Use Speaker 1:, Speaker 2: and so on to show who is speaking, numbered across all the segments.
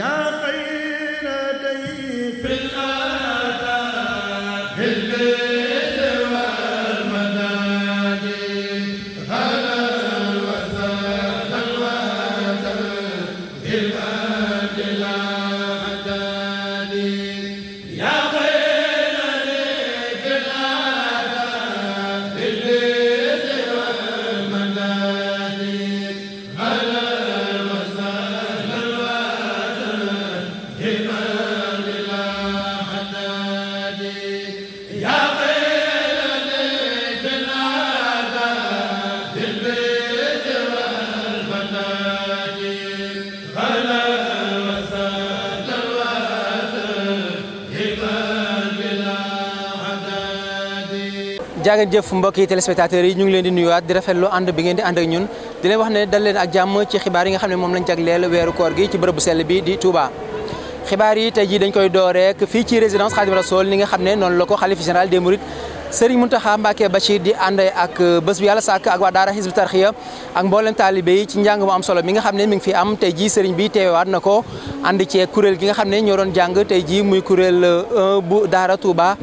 Speaker 1: yaa xayra day
Speaker 2: jaa ngeen jëf mbokk yi téléspectateurs yi ñu ngi leen di nuyuwaat di rafetlu ànd bi ngeen di ànd a ñun di leen wax ne dal leen ak jàmm ci xibaar yi nga xam ne moom lañ jagleel weeru koor gi ci bërëbu sell bi di Touba. xibaar yi tey jii dañ koy door rek fii ci résidence Khadim sol ni nga xam ne noonu la ko xalif général des Mourides Serigne Mountakha Mbacké Bachir di ànd ak bés bu yàlla sàkk ak waa daara Hizbut Tarqiyyah ak mboolem taalibe yi ci njàng mu am solo mi nga xam ne mi ngi fi am tey jii Serigne bi teewaat na ànd ceeg kuréel gi nga xam ne ñoo doon jàng tey jii muy kuréel 1 euh, bu Daara Touba.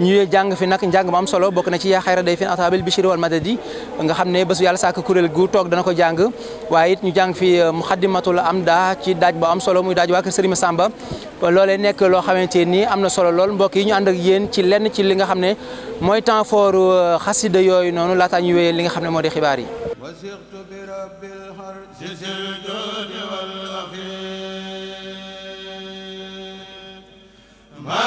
Speaker 2: ñu jàng fi nak njàng mu am solo bokk na ci yaa xayra day fin atabil bishiri wal madadi nga xam ne bésu yàlla sàkk kuréel gu toog dana ko jàng waaye it ñu jàng fi euh, muxaddimatul am daa ci daaj bu am solo muy daaj waa kër Sëriñ Samba loole nekk loo xamante nii am na solo lool mbokk yi ñu ànd ak yéen ci lenn ci li nga xam ne mooy temps fort euh, xasida yooyu noonu laataa ñu wéyee li nga xam ne moo di xibaar yi wa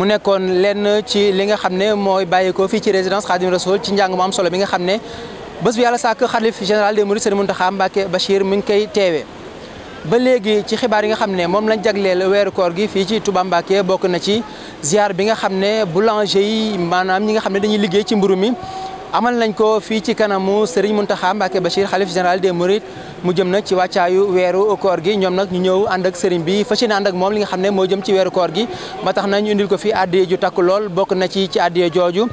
Speaker 2: mu nekkoon lenn ci li nga xam ne mooy bàyyeekoo fii ci résidence Khadim Rassoul ci njàng am solo bi nga xam ne bés bu yàlla sàkk xalif général des mourides Serigne Mountakha Mbacké Bachir mi ngi koy teewee. ba léegi ci xibaar yi nga xam ne moom lañ jagleel weeru koor gi fii ci Touba Mbacké bokk na ci ziar bi nga xam ne boulanger yi maanaam ñi nga xam ne dañuy liggéey ci mburu mi. amal nañ ko fii ci kanamu Serigne Mountakha Mbacké Bachir xalif général des Mourides mu jëm nag ci wàccaayu weeru koor gi ñoom nag ñu ñëw ànd ak Serigne bi fas yéene ànd moom li nga xam ne moo jëm ci weeru koor gi ba tax na ñu indil ko fi addiye lool bokk na ci ci addiye jooju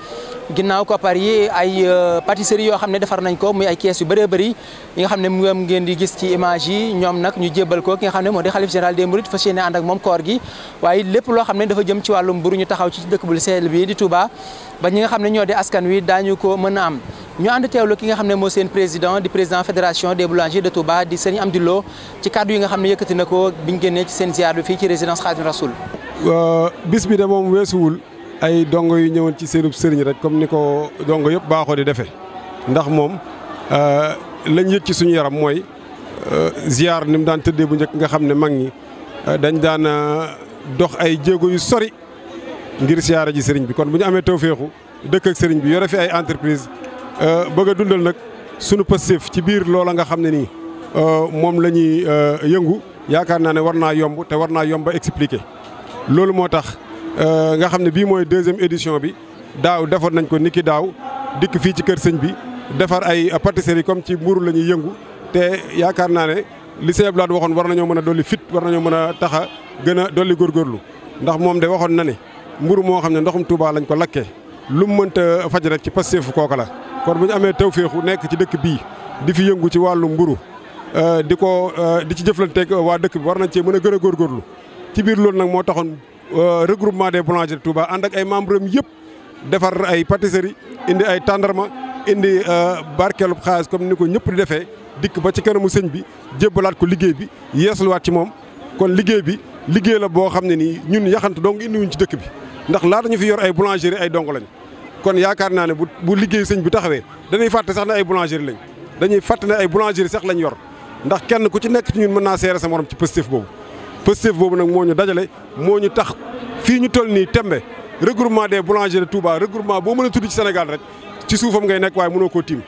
Speaker 2: ginnaaw koppar yi ay euh, pâtisserie yoo xam ne defar nañ ko muy ay kees yu bëree bëri yi nga xam ne moom ngeen di gis ci image yi ñoom nag ñu jébbal ko ki nga xam ne moo di xalif général moom koor gi waaye lépp loo xam ne dafa jëm ci wàllum mburu ñu taxaw ci dëkk bu seel bi di Touba ba ñi nga xam ne ñoo di askan wi dañu ko mën a am ñu ànd teewlu ki nga xam ne moo seen président di président fédération des boulangers de Touba di sëriñ Amdi Lo ci kàddu yi nga xam ne yëkkati na ko biñ génnee ci seen ziar bi fii ci résidence Khadim
Speaker 3: euh, bis bi de moom weesuwul ay dongo yu ñëwoon ci seenub sëriñ rek comme ni ko dongo yëpp baaxoo di defee ndax moom euh, lañ yëg ci suñu yaram mooy euh, ziar ni mu daan tëddee bu njëkk nga xam ne mag ñi dañ daan dox ay jéego yu sori ngir siyaara ji sëriñ bi kon bu ñu amee tawféexu dëkk ak sëriñ bi yore fi ay entreprise euh, bëgg dundal nag sunu passif ci biir loola nga xam ne nii euh, moom la ñuy euh, yëngu yaakaar naa ne war naa yomb te war naa yomb a expliquer. loolu moo tax nga xam ne bii mooy deuxième édition bi daaw defoon nañ ko niki daaw dikk fii ci kër sëñ bi defar ay pâtisserie comme ci mburu la ñuy yëngu te yaakaar naa ne li sëñ Abdoulaye waxoon war nañoo mën a dolli fit war nañoo mën a taxa a gën a dolli góorgóorlu ndax moom de waxoon na ne mburu moo xam ne ndoxum Touba lañ ko lakkee. lu mu mënta faj rek ci fu kooka la kon bu ñu amee tawféexu nekk ci dëkk bii di fi yëngu ci wàllu mburu euh, di ko euh, di ci jëflanteeg waa dëkk bi war nañ cee mën a gën a góor góorgóorlu ci biir loolu nag moo taxoon euh, regroupement de boulangers de ànd ak ay membres am yëpp defar ay pâtisserie indi ay tàndarma indi barkeelu xaalis comme ni ko ñëpp di defee dikk ba ci kanamu sëñ bi jébbalaat ko liggéey bi yeesluwaat ci moom kon liggéey bi liggéey la boo xam ne nii ñun yaxant dong indiwuñ ci dëkk bi ndax laata ñu fi yor ay boulangerie ay dongo lañ kon yaakaar naa ne bu bu liggéey sëñ bi taxawee dañuy fàtte sax na ay boulangerie lañ dañuy fàtte ne ay boulangerie sax lañ yor ndax kenn ku ci nekk ci ñun mën naa seere sa morom ci positif boobu positif boobu nag moo ñu dajale moo ñu tax fii ñu toll nii tembe regroupement des boulangers de Touba regroupement boo mën a tudd ci Sénégal rek ci suufam ngay nekk waaye mënoo koo tiim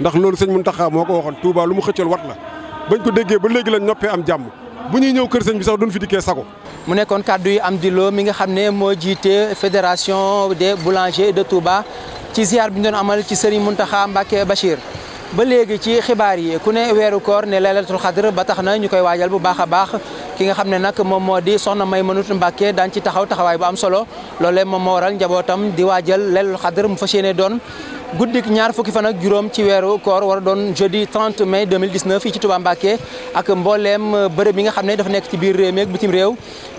Speaker 3: ndax loolu sëñ Mountakha moo ko waxoon Touba lu mu xëccool wat la bañ ko déggee ba léegi lañ noppee am jàmm bu ñuy ñëw kër sëñ bi sax duñ fi dikkee sago mu nekkoon kàddu yu am Lo mi nga xam ne moo jiite fédération
Speaker 2: des boulangers de Touba ci ziar bi ñu doon amal ci Serigne Mountakha Mbacké Bachir ba léegi ci xibaar yi ku ne weeru koor ne laylatul xadr ba tax na ñu koy waajal bu baax a baax ki nga xam ne nag moom moo di soxna may mënut Mbàkke daan ci taxaw taxawaay bu am solo loolee moom moo waral njabootam di waajal Laylatul Qadr mu fa yéene doon guddik ñaar fukki fan ak juróom ci weeru koor war a doon jeudi 30 mai 2019 fii ci Touba Mbacké ak mbooleem bërëb yi nga xam ne dafa nekk ci biir réew mi ak bitim réew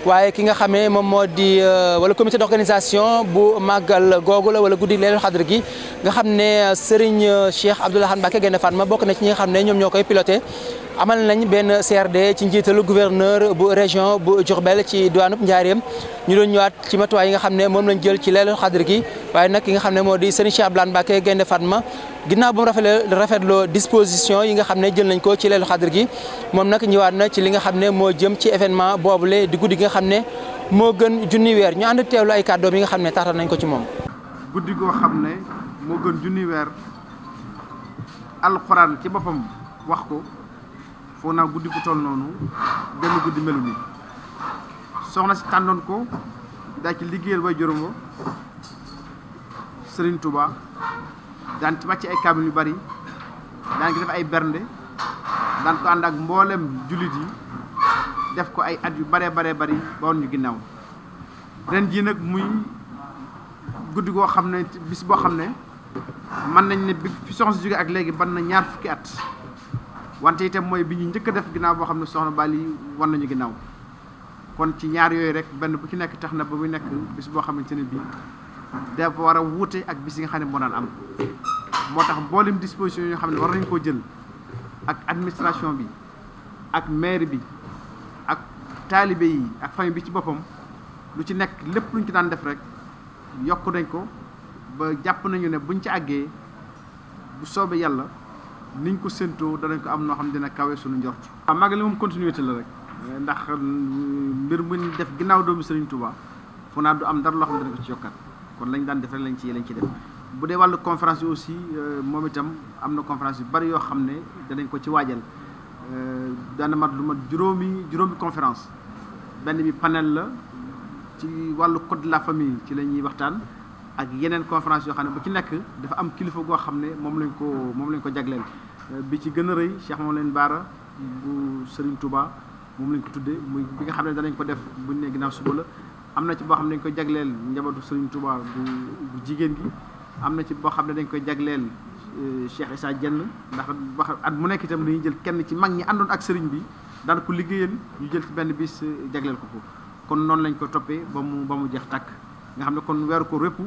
Speaker 2: waaye ki nga xam ne moom moo di euh, wala comité d'organisation bu màggal googu la wala guddik Laylatul Qadr gi nga xam ne Serigne Cheikh Abdoul Ahad Mbacké Gaïndé Fatma bokk na ci ñi nga xam ne ñoom ñoo koy piloté amal nañ benn CRD ci njiitalu gouverneur bu région bu Diourbel ci diwaanub Njaareem ñu doon ñëwaat ci matuwaay yi nga xam ne moom lañ jël ci leelu xadri gi waaye nag yi nga xam ne moo di Serigne Cheikh Abdoulaye Mbacké Gaïndé Fatma ginnaaw ba mu rafetlee rafetloo disposition yi nga xam ne jël nañ ko ci leelu xadri gi moom nag ñëwaat na ci li nga xam ne moo jëm ci événement boobule di guddi gi nga xam ne moo gën junni weer ñu ànd teewlu ay kàddoom yi nga xam ne taataan nañ ko ci moom.
Speaker 4: guddi goo xam weer alxuraan ci boppam wax foo naa guddi ku toll noonu dem guddi melu ni soxna si tànnoon ko daa ci liggéeyal way juróom ba Serigne Touba daan ci wàcc ay kaamil yu bari daan ci def ay bernde daan ko ànd ak mboolem jullit yi def ko ay at yu baree baree bari ba woon ñu ginnaaw ren jii nag muy guddi koo xam ne bis boo xam ne mën nañ ne bi fi soxna si jóge ak léegi ban na ñaar fukki at wante itam mooy bi ñu njëkk def ginnaaw boo xam ne soxna Bali war nañu ginnaaw kon ci ñaar yooyu rek benn bu ci nekk tax na ba muy nekk bis boo xamante ne bii dafa war a wuute ak bis yi nga xam ne moo daan am moo tax mboolem disposition yoo xam ne war nañu koo jël ak administration bi ak maire bi ak taalibe yi ak famille bi ci boppam lu ci nekk lépp luñ ci daan def rek yokk nañ ko ba jàpp nañu ne buñ ci àggee bu soobee yàlla. niñ ko séentoo danañ ko am noo xam ne dina kawe suñu njort. waaw màggali moom continuité la rek ndax euh, mbir mu def ginnaaw doomi Serigne Touba fu naa du am dara loo xam ne ko ci yokkat kon lañ daan def rek lañ ci lañ ci def bu dee wàllu conférence yi aussi euh, moom itam am na conférence yu bari yoo xam ne danañ ko ci waajal euh, daana mat lu mat juróomi juróomi conférence benn bi panel la ci wàllu code la famille ci la ñuy waxtaan. ak yeneen conférence yoo xam ne bu ci nekk dafa am kilifa goo xam ne moom lañ ko moom lañ ko jagleel bi ci gën a rëy Cheikh moom leen baara bu Serigne Touba moom lañ ko tuddee muy bi nga xam ne danañ ko def buñ ne ginnaaw suba la am na ci boo xam ne dañ koy jagleel njabootu Serigne Touba bu bu jigéen gi am na ci boo xam ne dañ koy jagleel euh, Cheikh Issa Dieng ndax at mu nekk itam dañuy jël kenn ci mag ñi àndoon ak Serigne bi daan ko liggéeyal ñu jël ci benn bis euh, jagleel ko ko kon noonu lañ ko toppee ba mu ba mu jeex tàkk nga xam ne kon weeru ko wépp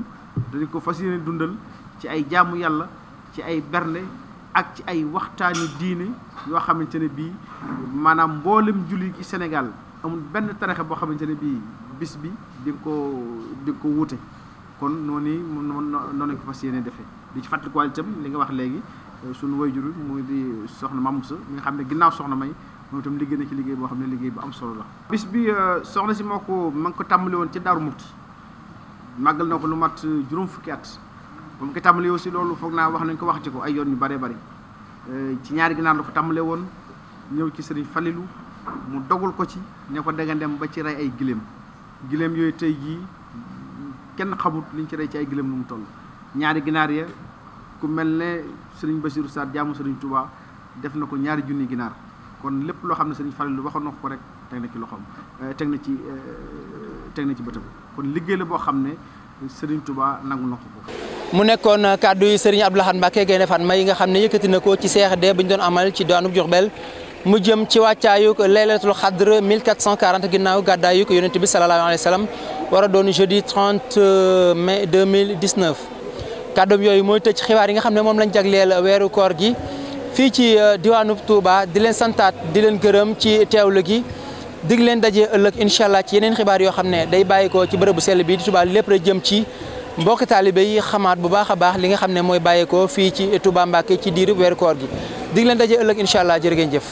Speaker 4: dañu ko fas yéene dundal ci ay jaamu yàlla ci ay bernde ak ci ay waxtaani diine yoo xamante ne bii maanaam mboolem julli ci Sénégal amul benn taraxe boo xamante ne bii bis bi di nga ko di nga ko wuute kon noonu noonu ko fas yéene defee di ci fàttalikuwaale itam li nga wax léegi sunu suñu wayjur mu di soxna Mamoussa mi nga xam ne ginnaaw soxna may moom itam liggéey na ci liggéey boo xam ne liggéey bu am solo la bis bi euh, soxna si moo ko ma ngi ko tàmbali woon ci Daaru Muxti màggal na ko lu mat euh, juróom fukki at ba mu ko tàmbalee aussi loolu foog naa wax nañ ko wax waxati ko ay yoon yu bëree bëri euh, ci ñaari ginaar dafa ko woon ñëw ci sëriñ Falilou mu dogul ko ci ne ko danga dem ba ci rey ay giléem giléem yooyu tey jii kenn xamut liñ ci rey ci ay giléem nu mu toll ñaari ginaar ya ku mel ne sëriñ Bassirou Sarr jaamu sëriñ Touba def na ko ñaari junni ginaar kon lépp loo xam ne sëriñ Fallou waxoon na ko rek teg na ci loxoom eh, eh, teg na ci bëtam kon liggéey la boo xam ne sëriñ Touba nangu na ko ko
Speaker 2: mu nekkoon kàddu yi sëriñ Abdou Lahad Mbacké Gaïndé nga xam ne yëkkati na ko ci CRD bu ñu doon amal ci daanu Diourbel mu jëm ci wàccaayuk laylatul xadr ginnaaw gàddaayuk yonent bi salallaahu alayhi wa sallam war a doon jeudi 30 euh, mai yooyu mooy tëj xibaar yi nga xam ne moom lañ jagleel weeru koor gi fii ci euh, diwaanu Touba di leen santaat di leen gërëm ci teewlu gi dig leen daje ëllëg incha allah ci yeneen xibaar yoo xam ne day bàyyeekoo ci bërëbu sell bi di Touba lépp rek jëm ci mbokki taalibe yi xamaat bu baax a baax li nga xam ne mooy bàyyeekoo fii ci Touba Mbacke ci diiru weer koor gi dig leen daje ëllëg incha allah jërë ngeen jëf.